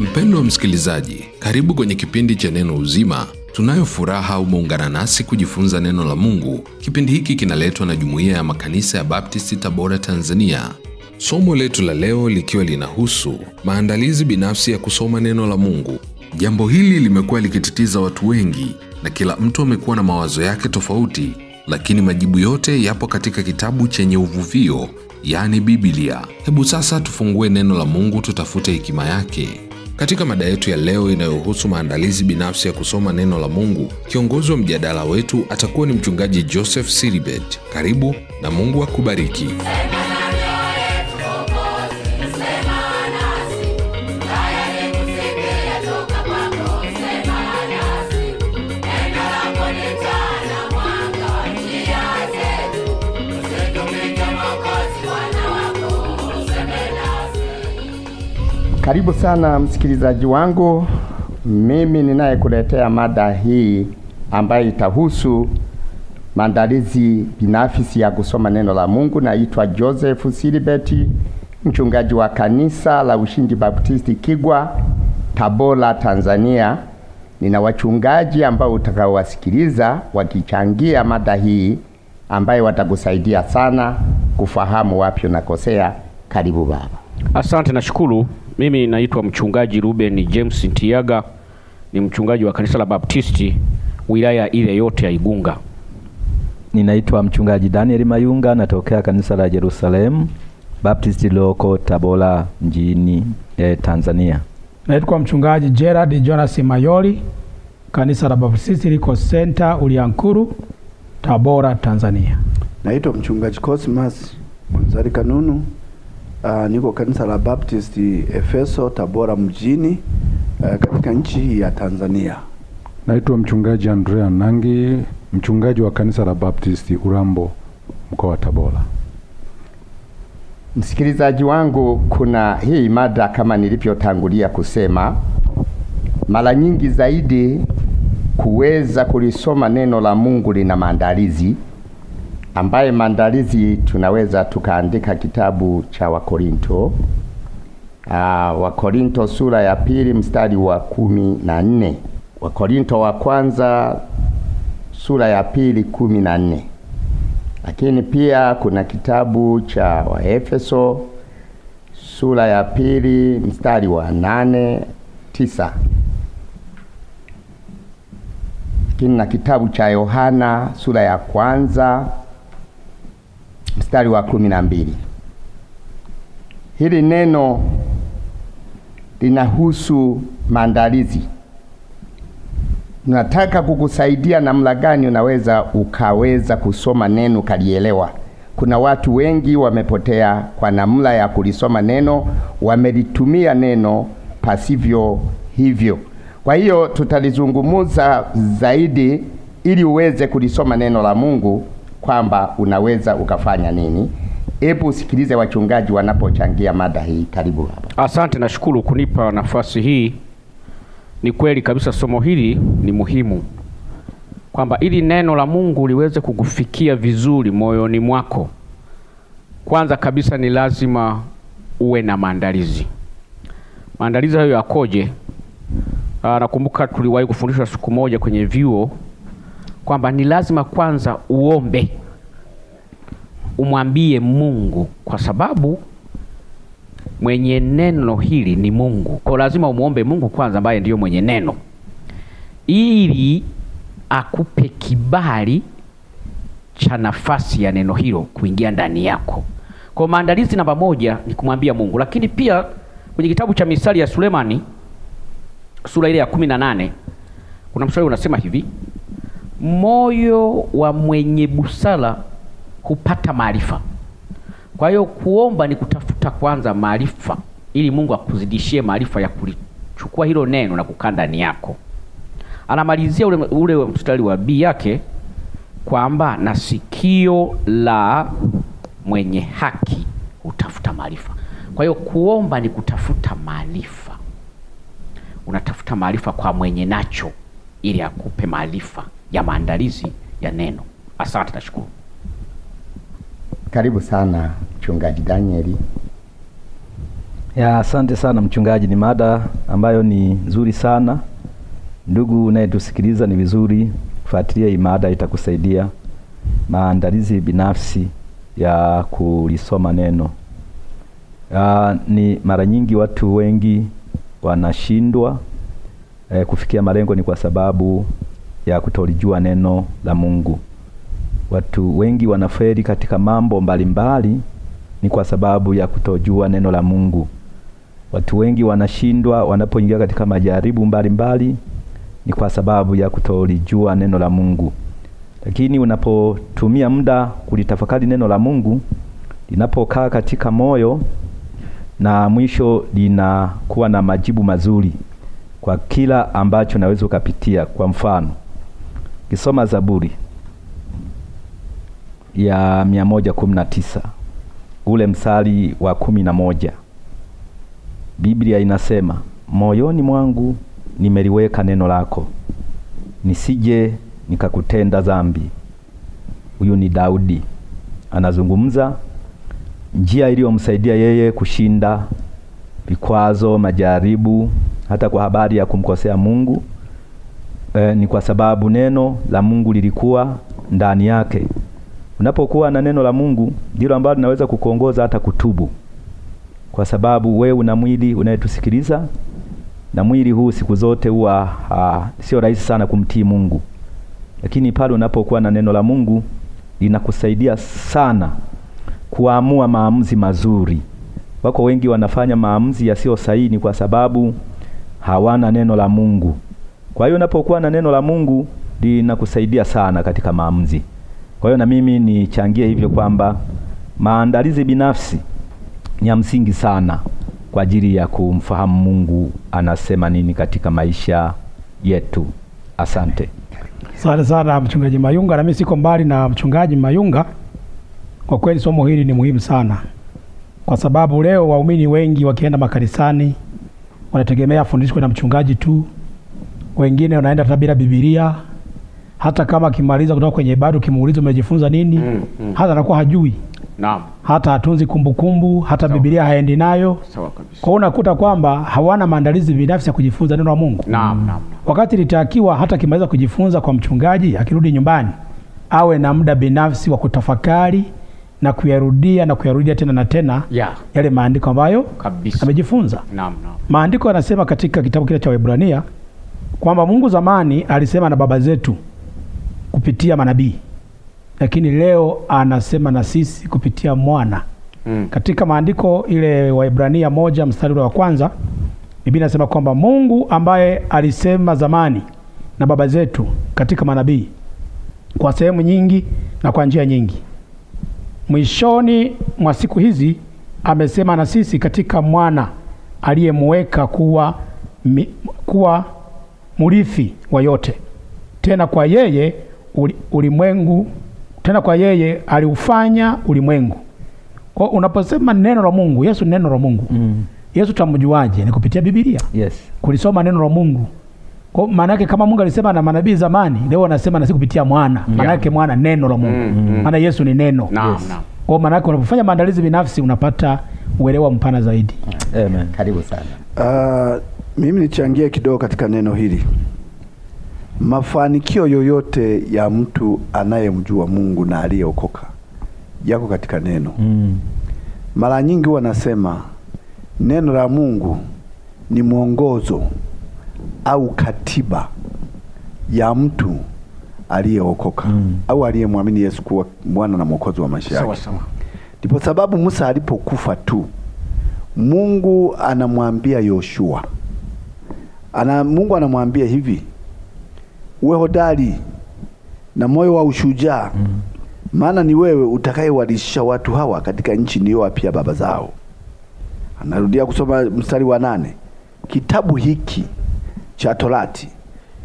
Mpendo wa msikilizaji, karibu kwenye kipindi cha Neno Uzima. Tunayo furaha umeungana nasi kujifunza neno la Mungu. Kipindi hiki kinaletwa na Jumuiya ya Makanisa ya Baptisti, Tabora, Tanzania. Somo letu la leo likiwa linahusu maandalizi binafsi ya kusoma neno la Mungu. Jambo hili limekuwa likitatiza watu wengi na kila mtu amekuwa na mawazo yake tofauti, lakini majibu yote yapo katika kitabu chenye uvuvio, yaani Biblia. Hebu sasa tufungue neno la Mungu, tutafute hekima yake. Katika mada yetu ya leo inayohusu maandalizi binafsi ya kusoma neno la Mungu, kiongozi wa mjadala wetu atakuwa ni mchungaji Joseph Siribet. Karibu na Mungu akubariki. Karibu sana msikilizaji wangu, mimi ninayekuletea mada hii ambayo itahusu maandalizi binafsi ya kusoma neno la Mungu. Naitwa Joseph Silibeti, mchungaji wa kanisa la Ushindi Baptisti Kigwa, Tabora, Tanzania. Nina wachungaji ambao utakaowasikiliza wakichangia mada hii ambayo watakusaidia sana kufahamu wapi unakosea. Karibu baba. Asante, na shukuru. Mimi naitwa mchungaji Ruben James ntiaga ni mchungaji wa kanisa la Baptisti wilaya ile yote ya Igunga. Ninaitwa mchungaji Daniel Mayunga, natokea kanisa la Jerusalem Baptist loko Tabora mjini eh, Tanzania. Naitwa mchungaji Gerard Jonas Mayoli, kanisa la Baptisti liko Center Uliankuru, Tabora, Tanzania. Naitwa mchungaji Cosmas Gonzali Kanunu Uh, niko kanisa la Baptist Efeso Tabora mjini uh, katika nchi ya Tanzania. Naitwa mchungaji Andrea Nangi, mchungaji wa kanisa la Baptist Urambo mkoa wa Tabora. Msikilizaji wangu, kuna hii mada kama nilivyotangulia kusema, mara nyingi zaidi kuweza kulisoma neno la Mungu lina maandalizi ambaye maandalizi tunaweza tukaandika kitabu cha Wakorinto Aa, ah, Wakorinto sura ya pili mstari wa kumi na nne Wakorinto wa kwanza sura ya pili kumi na nne Lakini pia kuna kitabu cha Waefeso sura ya pili mstari wa nane tisa lakini na kitabu cha Yohana sura ya kwanza mstari wa kumi na mbili. Hili neno linahusu maandalizi. Nataka kukusaidia namna gani unaweza ukaweza kusoma neno ukalielewa. Kuna watu wengi wamepotea kwa namna ya kulisoma neno, wamelitumia neno pasivyo hivyo. Kwa hiyo tutalizungumuza zaidi ili uweze kulisoma neno la Mungu kwamba unaweza ukafanya nini. Hebu usikilize wachungaji wanapochangia mada hii. Karibu hapa. Asante, nashukuru kunipa nafasi hii. Ni kweli kabisa, somo hili ni muhimu kwamba ili neno la Mungu liweze kukufikia vizuri moyoni mwako, kwanza kabisa ni lazima uwe na maandalizi. Maandalizi hayo yakoje? Ah, nakumbuka tuliwahi kufundishwa siku moja kwenye vyuo kwamba ni lazima kwanza uombe, umwambie Mungu, kwa sababu mwenye neno hili ni Mungu. Kwa lazima umwombe Mungu kwanza, ambaye ndiyo mwenye neno, ili akupe kibali cha nafasi ya neno hilo kuingia ndani yako. Kwa maandalizi namba moja ni kumwambia Mungu, lakini pia kwenye kitabu cha Misali ya Sulemani sura ile ya kumi na nane kuna mshauri unasema hivi moyo wa mwenye busara hupata maarifa. Kwa hiyo kuomba ni kutafuta kwanza maarifa, ili Mungu akuzidishie maarifa ya kulichukua hilo neno na kukaa ndani yako. Anamalizia ule, ule mstari wa B yake kwamba na sikio la mwenye haki hutafuta maarifa. Kwa hiyo kuomba ni kutafuta maarifa, unatafuta maarifa kwa mwenye nacho ili akupe maarifa ya maandalizi ya neno. Asante, shukuru. Karibu sana mchungaji Danieli. Ya, asante sana mchungaji, ni mada ambayo ni nzuri sana. Ndugu unayetusikiliza, ni vizuri kufuatilia hii mada, itakusaidia maandalizi binafsi ya kulisoma neno. Ya, ni mara nyingi watu wengi wanashindwa eh, kufikia malengo ni kwa sababu ya kutolijua neno la Mungu. Watu wengi wanafeli katika mambo mbalimbali mbali, ni kwa sababu ya kutojua neno la Mungu. Watu wengi wanashindwa wanapoingia katika majaribu mbalimbali mbali, ni kwa sababu ya kutolijua neno la Mungu. Lakini unapotumia muda kulitafakari neno la Mungu, linapokaa katika moyo na mwisho linakuwa na majibu mazuri kwa kila ambacho naweza ukapitia. Kwa mfano isoma Zaburi ya mia moja kumi na tisa ule msali wa kumi na moja Biblia inasema moyoni mwangu nimeliweka neno lako, nisije nikakutenda dhambi. Huyu ni Daudi anazungumza njia iliyomsaidia yeye kushinda vikwazo, majaribu, hata kwa habari ya kumkosea Mungu eh, ni kwa sababu neno la Mungu lilikuwa ndani yake. Unapokuwa na neno la Mungu ndilo ambalo linaweza kukuongoza hata kutubu, kwa sababu we una mwili unayetusikiliza, na mwili huu siku zote huwa ah, sio rahisi sana kumtii Mungu, lakini pale unapokuwa na neno la Mungu linakusaidia sana kuamua maamuzi mazuri. Wako wengi wanafanya maamuzi yasiyo sahihi, ni kwa sababu hawana neno la Mungu. Kwa hiyo unapokuwa na neno la Mungu linakusaidia sana katika maamuzi. Kwa hiyo na mimi nichangie hivyo kwamba maandalizi binafsi ni ya msingi sana kwa ajili ya kumfahamu Mungu anasema nini katika maisha yetu. Asante. Asante sana mchungaji Mayunga, na mimi siko mbali na mchungaji Mayunga. Kwa kweli somo hili ni muhimu sana, kwa sababu leo waumini wengi wakienda makanisani wanategemea fundisho na mchungaji tu, wengine unaenda hata bila Biblia, hata kama akimaliza kutoka kwenye ibada ukimuuliza umejifunza nini, mm, mm. hata anakuwa hajui Naam. hata hatunzi kumbukumbu hata Sawa. Biblia haendi nayo. Sawa kabisa. Kwa hiyo unakuta kwamba hawana maandalizi binafsi ya kujifunza neno la Mungu. Naam, naam. Wakati litakiwa hata akimaliza kujifunza kwa mchungaji, akirudi nyumbani awe na muda binafsi wa kutafakari na kuyarudia na kuyarudia tena na tena yeah. yale maandiko ambayo amejifunza. Naam, naam. Maandiko yanasema katika kitabu kile cha Waebrania kwamba Mungu zamani alisema na baba zetu kupitia manabii, lakini leo anasema na sisi kupitia mwana mm. Katika maandiko ile Waebrania moja mstari wa kwanza Biblia inasema kwamba Mungu ambaye alisema zamani na baba zetu katika manabii kwa sehemu nyingi na kwa njia nyingi, mwishoni mwa siku hizi amesema na sisi katika mwana aliyemweka kuwa, kuwa mrithi wa yote, tena kwa yeye ulimwengu, tena kwa yeye aliufanya ulimwengu. Kwa unaposema neno la Mungu, Yesu neno la Mungu mm. Yesu tamjuaje? Ni kupitia Biblia. Yes. Kulisoma neno la Mungu. Kwa maana yake kama Mungu alisema na manabii zamani, leo anasema na si kupitia mwana. Maana yake Mwana neno la Mungu. Mm. mm. Maana Yesu ni neno. Naam. Yes. Kwa maana yake unapofanya maandalizi binafsi unapata uelewa mpana zaidi. Amen. Karibu sana. Uh, mimi nichangie kidogo katika neno hili. Mafanikio yoyote ya mtu anayemjua Mungu na aliyeokoka yako katika neno mm. Mara nyingi huwa nasema neno la Mungu ni mwongozo au katiba ya mtu aliyeokoka mm. au aliyemwamini Yesu kuwa Bwana na Mwokozi wa maisha yake. Ndipo sababu Musa alipokufa tu, Mungu anamwambia Yoshua ana, Mungu anamwambia hivi, uwe hodari na moyo wa ushujaa mm. maana ni wewe utakayewalisha watu hawa katika nchi niliyowapia baba zao. Anarudia kusoma mstari wa nane, kitabu hiki cha Torati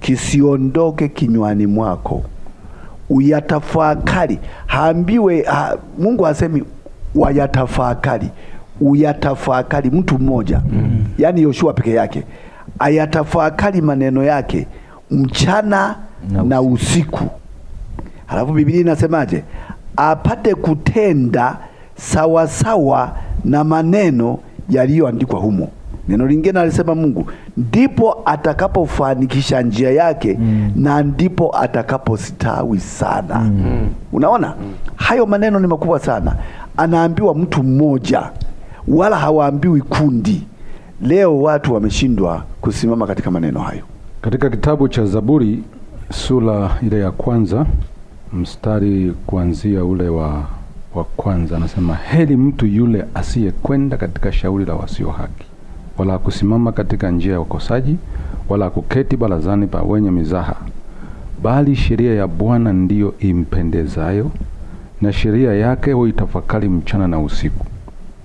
kisiondoke kinywani mwako uyatafakari. Haambiwe ha, Mungu hasemi wayatafakari, uyatafakari mtu mmoja mm. yaani Yoshua peke yake ayatafakari maneno yake mchana na, na usiku. Halafu Biblia inasemaje? Apate kutenda sawasawa sawa na maneno yaliyoandikwa humo. Neno lingine alisema Mungu, ndipo atakapofanikisha njia yake mm. na ndipo atakapostawi sana mm. mm. Unaona mm. hayo maneno ni makubwa sana. Anaambiwa mtu mmoja, wala hawaambiwi kundi Leo watu wameshindwa kusimama katika maneno hayo. Katika kitabu cha Zaburi sura ile ya kwanza mstari kuanzia ule wa, wa kwanza anasema, heri mtu yule asiyekwenda katika shauri la wasio haki, wala kusimama katika njia ya wakosaji, wala kuketi barazani pa wenye mizaha, bali sheria ya Bwana ndiyo impendezayo, na sheria yake huitafakari mchana na usiku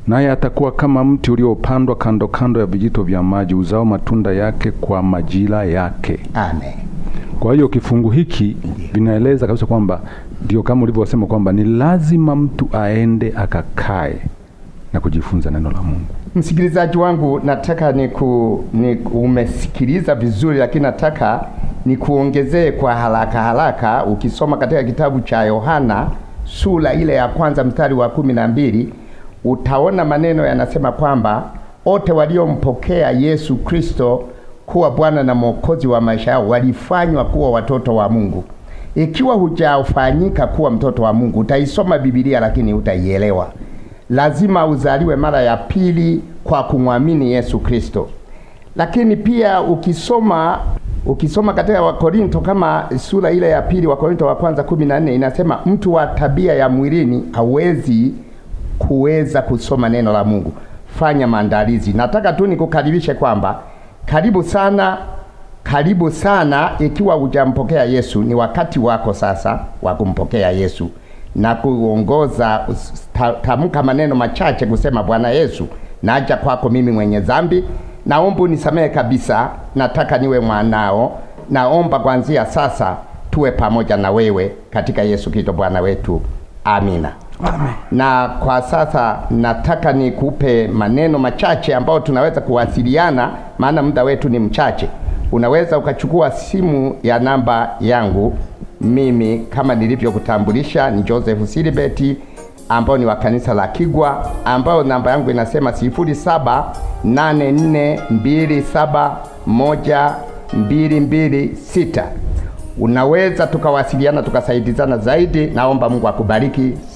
naye atakuwa kama mti uliopandwa kando kando ya vijito vya maji, uzao matunda yake kwa majira yake. Amen. Kwa hiyo kifungu hiki vinaeleza kabisa kwamba ndio kama ulivyosema kwamba ni lazima mtu aende akakae na kujifunza neno la Mungu. Msikilizaji wangu, nataka niku, niku, umesikiliza vizuri, lakini nataka nikuongezee kwa haraka haraka. Ukisoma katika kitabu cha Yohana sura ile ya kwanza mstari wa kumi na mbili utaona maneno yanasema kwamba wote waliompokea Yesu Kristo kuwa Bwana na Mwokozi wa maisha yao walifanywa kuwa watoto wa Mungu. Ikiwa hujafanyika kuwa mtoto wa Mungu, utaisoma Biblia lakini utaielewa. Lazima uzaliwe mara ya pili kwa kumwamini Yesu Kristo. Lakini pia ukisoma ukisoma katika Wakorinto kama sura ile ya pili, Wakorinto wa kwanza 14 inasema mtu wa tabia ya mwilini hawezi kuweza kusoma neno la Mungu, fanya maandalizi. Nataka tu nikukaribishe kwamba karibu sana, karibu sana. Ikiwa hujampokea Yesu, ni wakati wako sasa wa kumpokea Yesu na kuongoza. Tamka maneno machache kusema, Bwana Yesu, naja kwako, mimi mwenye dhambi, naomba unisamehe kabisa, nataka niwe mwanao, naomba kuanzia sasa tuwe pamoja na wewe katika Yesu Kristo Bwana wetu, amina. Na kwa sasa nataka nikupe maneno machache ambayo tunaweza kuwasiliana, maana muda wetu ni mchache. Unaweza ukachukua simu ya namba yangu, mimi kama nilivyokutambulisha ni Joseph Silibeti ambao ni wa kanisa la Kigwa, ambao namba yangu inasema sifuri saba moja mbili mbili sita. Unaweza tukawasiliana tukasaidizana zaidi. Naomba Mungu akubariki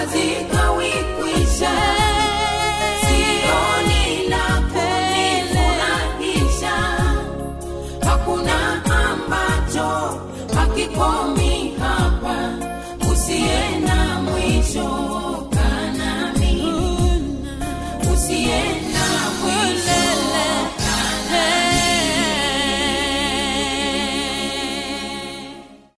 Azita.